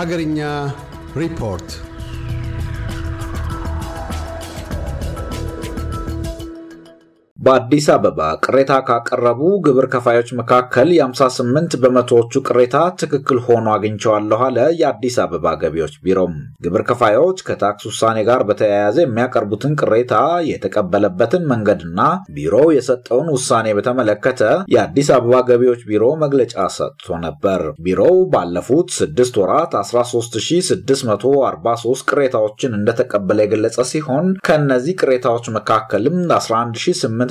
Hagarinya Report በአዲስ አበባ ቅሬታ ካቀረቡ ግብር ከፋዮች መካከል የ58 በመቶዎቹ ቅሬታ ትክክል ሆኖ አግኝቸዋለሁ አለ የአዲስ አበባ ገቢዎች ቢሮም። ግብር ከፋዮች ከታክስ ውሳኔ ጋር በተያያዘ የሚያቀርቡትን ቅሬታ የተቀበለበትን መንገድና ቢሮው የሰጠውን ውሳኔ በተመለከተ የአዲስ አበባ ገቢዎች ቢሮ መግለጫ ሰጥቶ ነበር። ቢሮው ባለፉት ስድስት ወራት 13643 ቅሬታዎችን እንደተቀበለ የገለጸ ሲሆን ከእነዚህ ቅሬታዎች መካከልም 118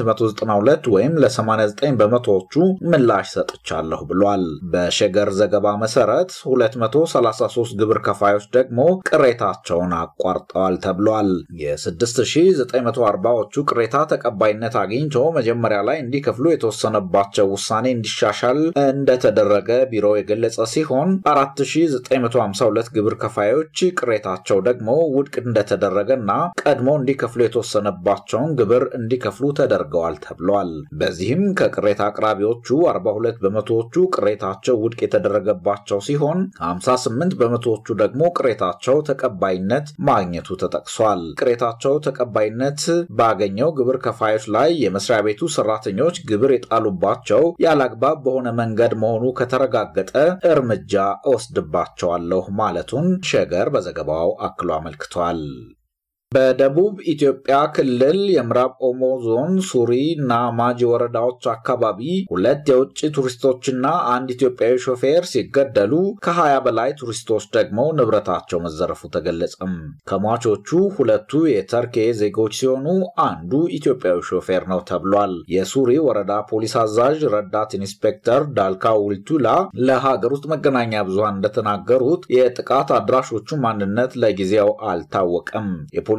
ወይም ለ89 በመቶዎቹ ምላሽ ሰጥቻለሁ ብሏል። በሸገር ዘገባ መሰረት 233 ግብር ከፋዮች ደግሞ ቅሬታቸውን አቋርጠዋል ተብሏል። የ6940ዎቹ ቅሬታ ተቀባይነት አግኝቶ መጀመሪያ ላይ እንዲከፍሉ የተወሰነባቸው ውሳኔ እንዲሻሻል እንደተደረገ ቢሮ የገለጸ ሲሆን 4952 ግብር ከፋዮች ቅሬታቸው ደግሞ ውድቅ እንደተደረገና ቀድሞ እንዲከፍሉ የተወሰነባቸውን ግብር እንዲከፍሉ ተደርጓል አድርገዋል ተብሏል። በዚህም ከቅሬታ አቅራቢዎቹ 42 በመቶዎቹ ቅሬታቸው ውድቅ የተደረገባቸው ሲሆን 58 በመቶዎቹ ደግሞ ቅሬታቸው ተቀባይነት ማግኘቱ ተጠቅሷል። ቅሬታቸው ተቀባይነት ባገኘው ግብር ከፋዮች ላይ የመስሪያ ቤቱ ሰራተኞች ግብር የጣሉባቸው ያላግባብ በሆነ መንገድ መሆኑ ከተረጋገጠ እርምጃ እወስድባቸዋለሁ ማለቱን ሸገር በዘገባው አክሎ አመልክቷል። በደቡብ ኢትዮጵያ ክልል የምዕራብ ኦሞ ዞን ሱሪ እና ማጂ ወረዳዎች አካባቢ ሁለት የውጭ ቱሪስቶችና አንድ ኢትዮጵያዊ ሾፌር ሲገደሉ ከሀያ በላይ ቱሪስቶች ደግሞ ንብረታቸው መዘረፉ ተገለጸም። ከሟቾቹ ሁለቱ የተርኬ ዜጎች ሲሆኑ አንዱ ኢትዮጵያዊ ሾፌር ነው ተብሏል። የሱሪ ወረዳ ፖሊስ አዛዥ ረዳት ኢንስፔክተር ዳልካ ውልቱላ ለሀገር ውስጥ መገናኛ ብዙሃን እንደተናገሩት የጥቃት አድራሾቹ ማንነት ለጊዜው አልታወቀም።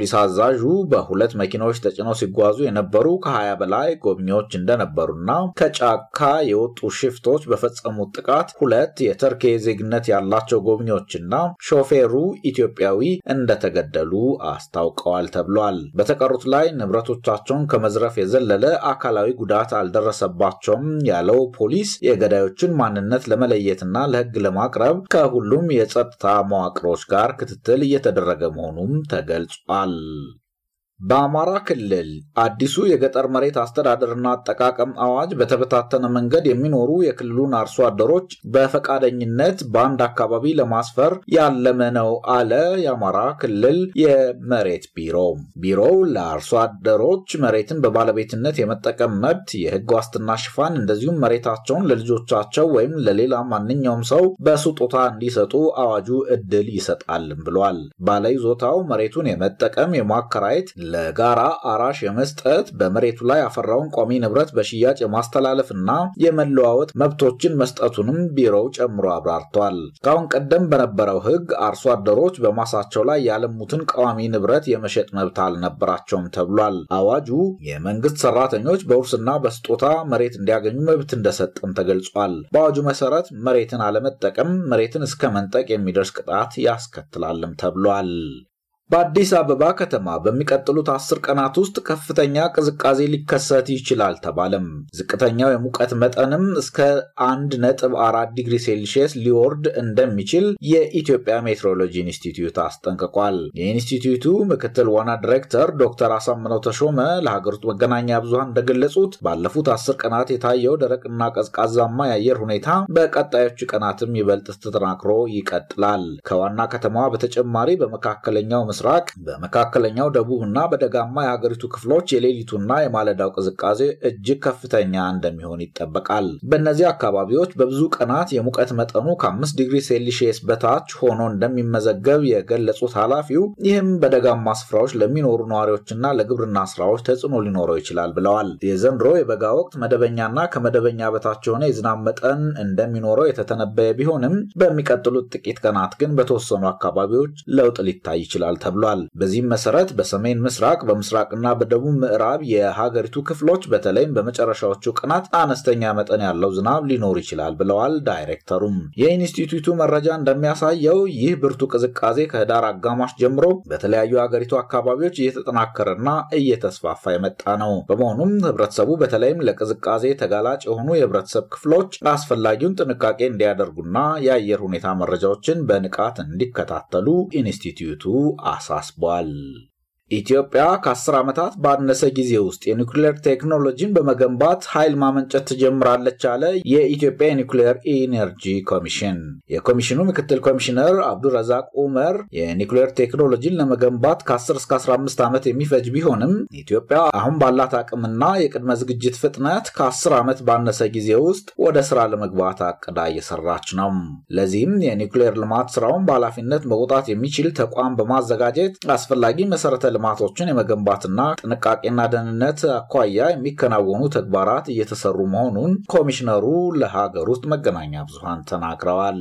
ፖሊስ አዛዡ በሁለት መኪናዎች ተጭነው ሲጓዙ የነበሩ ከ20 በላይ ጎብኚዎች እንደነበሩና ከጫካ የወጡ ሽፍቶች በፈጸሙት ጥቃት ሁለት የተርኬ ዜግነት ያላቸው ጎብኚዎችና ሾፌሩ ኢትዮጵያዊ እንደተገደሉ አስታውቀዋል ተብሏል። በተቀሩት ላይ ንብረቶቻቸውን ከመዝረፍ የዘለለ አካላዊ ጉዳት አልደረሰባቸውም ያለው ፖሊስ የገዳዮችን ማንነት ለመለየትና ለሕግ ለማቅረብ ከሁሉም የጸጥታ መዋቅሮች ጋር ክትትል እየተደረገ መሆኑም ተገልጿል። um, በአማራ ክልል አዲሱ የገጠር መሬት አስተዳደርና አጠቃቀም አዋጅ በተበታተነ መንገድ የሚኖሩ የክልሉን አርሶ አደሮች በፈቃደኝነት በአንድ አካባቢ ለማስፈር ያለመ ነው አለ የአማራ ክልል የመሬት ቢሮ። ቢሮው ለአርሶ አደሮች መሬትን በባለቤትነት የመጠቀም መብት፣ የህግ ዋስትና ሽፋን እንደዚሁም መሬታቸውን ለልጆቻቸው ወይም ለሌላ ማንኛውም ሰው በስጦታ እንዲሰጡ አዋጁ እድል ይሰጣልም ብሏል። ባለይዞታው መሬቱን የመጠቀም የማከራየት ለጋራ አራሽ የመስጠት በመሬቱ ላይ ያፈራውን ቋሚ ንብረት በሽያጭ የማስተላለፍና የመለዋወጥ መብቶችን መስጠቱንም ቢሮው ጨምሮ አብራርቷል። ከአሁን ቀደም በነበረው ሕግ አርሶ አደሮች በማሳቸው ላይ ያለሙትን ቋሚ ንብረት የመሸጥ መብት አልነበራቸውም ተብሏል። አዋጁ የመንግስት ሰራተኞች በውርስና በስጦታ መሬት እንዲያገኙ መብት እንደሰጠም ተገልጿል። በአዋጁ መሰረት መሬትን አለመጠቀም መሬትን እስከ መንጠቅ የሚደርስ ቅጣት ያስከትላልም ተብሏል። በአዲስ አበባ ከተማ በሚቀጥሉት አስር ቀናት ውስጥ ከፍተኛ ቅዝቃዜ ሊከሰት ይችላል ተባለም። ዝቅተኛው የሙቀት መጠንም እስከ አንድ ነጥብ አራት ዲግሪ ሴልሺየስ ሊወርድ እንደሚችል የኢትዮጵያ ሜትሮሎጂ ኢንስቲትዩት አስጠንቅቋል። የኢንስቲትዩቱ ምክትል ዋና ዲሬክተር ዶክተር አሳምነው ተሾመ ለሀገር ውስጥ መገናኛ ብዙሃን እንደገለጹት ባለፉት አስር ቀናት የታየው ደረቅና ቀዝቃዛማ የአየር ሁኔታ በቀጣዮቹ ቀናትም ይበልጥ ተጠናክሮ ይቀጥላል። ከዋና ከተማዋ በተጨማሪ በመካከለኛው ምስራቅ፣ በመካከለኛው ደቡብ እና በደጋማ የሀገሪቱ ክፍሎች የሌሊቱና የማለዳው ቅዝቃዜ እጅግ ከፍተኛ እንደሚሆን ይጠበቃል። በእነዚህ አካባቢዎች በብዙ ቀናት የሙቀት መጠኑ ከ5 ዲግሪ ሴልሺየስ በታች ሆኖ እንደሚመዘገብ የገለጹት ኃላፊው ይህም በደጋማ ስፍራዎች ለሚኖሩ ነዋሪዎችና ለግብርና ስራዎች ተጽዕኖ ሊኖረው ይችላል ብለዋል። የዘንድሮ የበጋ ወቅት መደበኛና ከመደበኛ በታች የሆነ የዝናብ መጠን እንደሚኖረው የተተነበየ ቢሆንም በሚቀጥሉት ጥቂት ቀናት ግን በተወሰኑ አካባቢዎች ለውጥ ሊታይ ይችላል ተብሏል። ተብሏል። በዚህም መሰረት በሰሜን ምስራቅ በምስራቅና በደቡብ ምዕራብ የሀገሪቱ ክፍሎች በተለይም በመጨረሻዎቹ ቀናት አነስተኛ መጠን ያለው ዝናብ ሊኖር ይችላል ብለዋል ዳይሬክተሩም። የኢንስቲትዩቱ መረጃ እንደሚያሳየው ይህ ብርቱ ቅዝቃዜ ከህዳር አጋማሽ ጀምሮ በተለያዩ የሀገሪቱ አካባቢዎች እየተጠናከረና እየተስፋፋ የመጣ ነው። በመሆኑም ህብረተሰቡ በተለይም ለቅዝቃዜ ተጋላጭ የሆኑ የህብረተሰብ ክፍሎች አስፈላጊውን ጥንቃቄ እንዲያደርጉና የአየር ሁኔታ መረጃዎችን በንቃት እንዲከታተሉ ኢንስቲትዩቱ አ صعصعه صبال ኢትዮጵያ ከ10 ዓመታት ባነሰ ጊዜ ውስጥ የኒውክሌር ቴክኖሎጂን በመገንባት ኃይል ማመንጨት ትጀምራለች አለ የኢትዮጵያ የኒኩሌር ኢነርጂ ኮሚሽን። የኮሚሽኑ ምክትል ኮሚሽነር አብዱረዛቅ ኡመር የኒኩሌር ቴክኖሎጂን ለመገንባት ከ10 እስከ 15 ዓመት የሚፈጅ ቢሆንም ኢትዮጵያ አሁን ባላት አቅምና የቅድመ ዝግጅት ፍጥነት ከ10 ዓመት ባነሰ ጊዜ ውስጥ ወደ ስራ ለመግባት አቅዳ እየሰራች ነው። ለዚህም የኒኩሌር ልማት ስራውን በኃላፊነት መውጣት የሚችል ተቋም በማዘጋጀት አስፈላጊ መሰረተ ልማቶችን የመገንባትና ጥንቃቄና ደህንነት አኳያ የሚከናወኑ ተግባራት እየተሰሩ መሆኑን ኮሚሽነሩ ለሀገር ውስጥ መገናኛ ብዙሃን ተናግረዋል።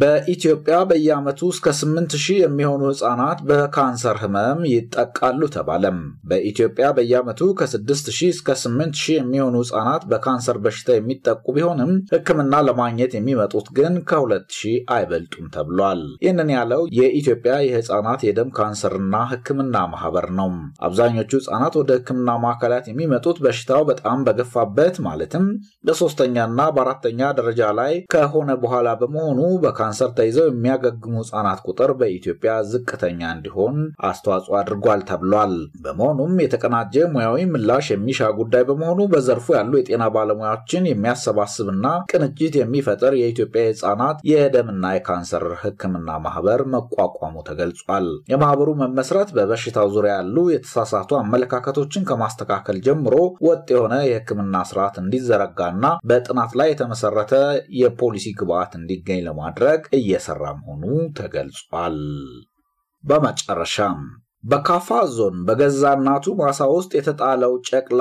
በኢትዮጵያ በየዓመቱ እስከ 8000 የሚሆኑ ህጻናት በካንሰር ህመም ይጠቃሉ ተባለም። በኢትዮጵያ በየዓመቱ ከ6000 እስከ 8000 የሚሆኑ ህጻናት በካንሰር በሽታ የሚጠቁ ቢሆንም ሕክምና ለማግኘት የሚመጡት ግን ከ2000 አይበልጡም ተብሏል። ይህንን ያለው የኢትዮጵያ የህጻናት የደም ካንሰርና ሕክምና ማህበር ነው። አብዛኞቹ ህጻናት ወደ ሕክምና ማዕከላት የሚመጡት በሽታው በጣም በገፋበት ማለትም በሶስተኛና በአራተኛ ደረጃ ላይ ከሆነ በኋላ በመሆኑ ካንሰር ተይዘው የሚያገግሙ ህጻናት ቁጥር በኢትዮጵያ ዝቅተኛ እንዲሆን አስተዋጽኦ አድርጓል ተብሏል። በመሆኑም የተቀናጀ ሙያዊ ምላሽ የሚሻ ጉዳይ በመሆኑ በዘርፉ ያሉ የጤና ባለሙያዎችን የሚያሰባስብና ቅንጅት የሚፈጥር የኢትዮጵያ የህጻናት የደምና የካንሰር ህክምና ማህበር መቋቋሙ ተገልጿል። የማህበሩ መመስረት በበሽታው ዙሪያ ያሉ የተሳሳቱ አመለካከቶችን ከማስተካከል ጀምሮ ወጥ የሆነ የህክምና ስርዓት እንዲዘረጋና በጥናት ላይ የተመሰረተ የፖሊሲ ግብዓት እንዲገኝ ለማድረግ ለማድረግ እየሰራ መሆኑ ተገልጿል። በመጨረሻም በካፋ ዞን በገዛ እናቱ ማሳ ውስጥ የተጣለው ጨቅላ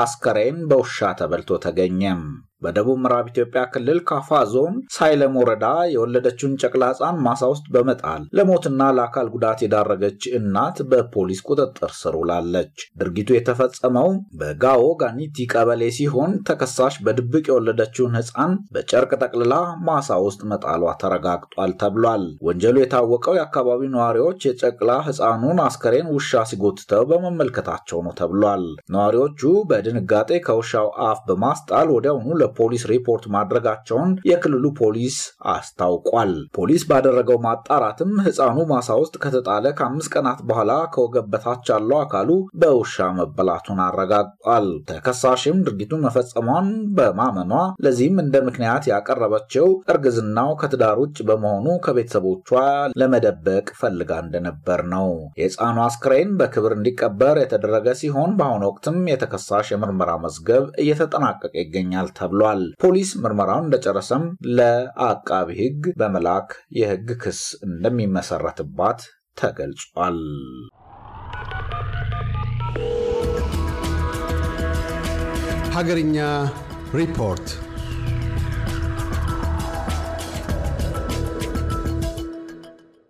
አስከሬን በውሻ ተበልቶ ተገኘም። በደቡብ ምዕራብ ኢትዮጵያ ክልል ካፋ ዞን ሳይለም ወረዳ የወለደችውን ጨቅላ ህፃን ማሳ ውስጥ በመጣል ለሞትና ለአካል ጉዳት የዳረገች እናት በፖሊስ ቁጥጥር ስር ውላለች። ድርጊቱ የተፈጸመው በጋዎ ጋኒቲ ቀበሌ ሲሆን ተከሳሽ በድብቅ የወለደችውን ሕፃን በጨርቅ ጠቅልላ ማሳ ውስጥ መጣሏ ተረጋግጧል ተብሏል። ወንጀሉ የታወቀው የአካባቢው ነዋሪዎች የጨቅላ ሕፃኑን አስከሬን ውሻ ሲጎትተው በመመልከታቸው ነው ተብሏል። ነዋሪዎቹ በድንጋጤ ከውሻው አፍ በማስጣል ወዲያውኑ ፖሊስ ሪፖርት ማድረጋቸውን የክልሉ ፖሊስ አስታውቋል። ፖሊስ ባደረገው ማጣራትም ህፃኑ ማሳ ውስጥ ከተጣለ ከአምስት ቀናት በኋላ ከወገብ በታች ያለው አካሉ በውሻ መበላቱን አረጋግጧል። ተከሳሽም ድርጊቱን መፈጸሟን በማመኗ ለዚህም እንደ ምክንያት ያቀረበችው እርግዝናው ከትዳር ውጭ በመሆኑ ከቤተሰቦቿ ለመደበቅ ፈልጋ እንደነበር ነው። የህፃኑ አስክሬን በክብር እንዲቀበር የተደረገ ሲሆን በአሁኑ ወቅትም የተከሳሽ የምርመራ መዝገብ እየተጠናቀቀ ይገኛል ተብሏል። ብሏል። ፖሊስ ምርመራውን እንደጨረሰም ለአቃቢ ሕግ በመላክ የሕግ ክስ እንደሚመሰረትባት ተገልጿል። ሀገርኛ ሪፖርት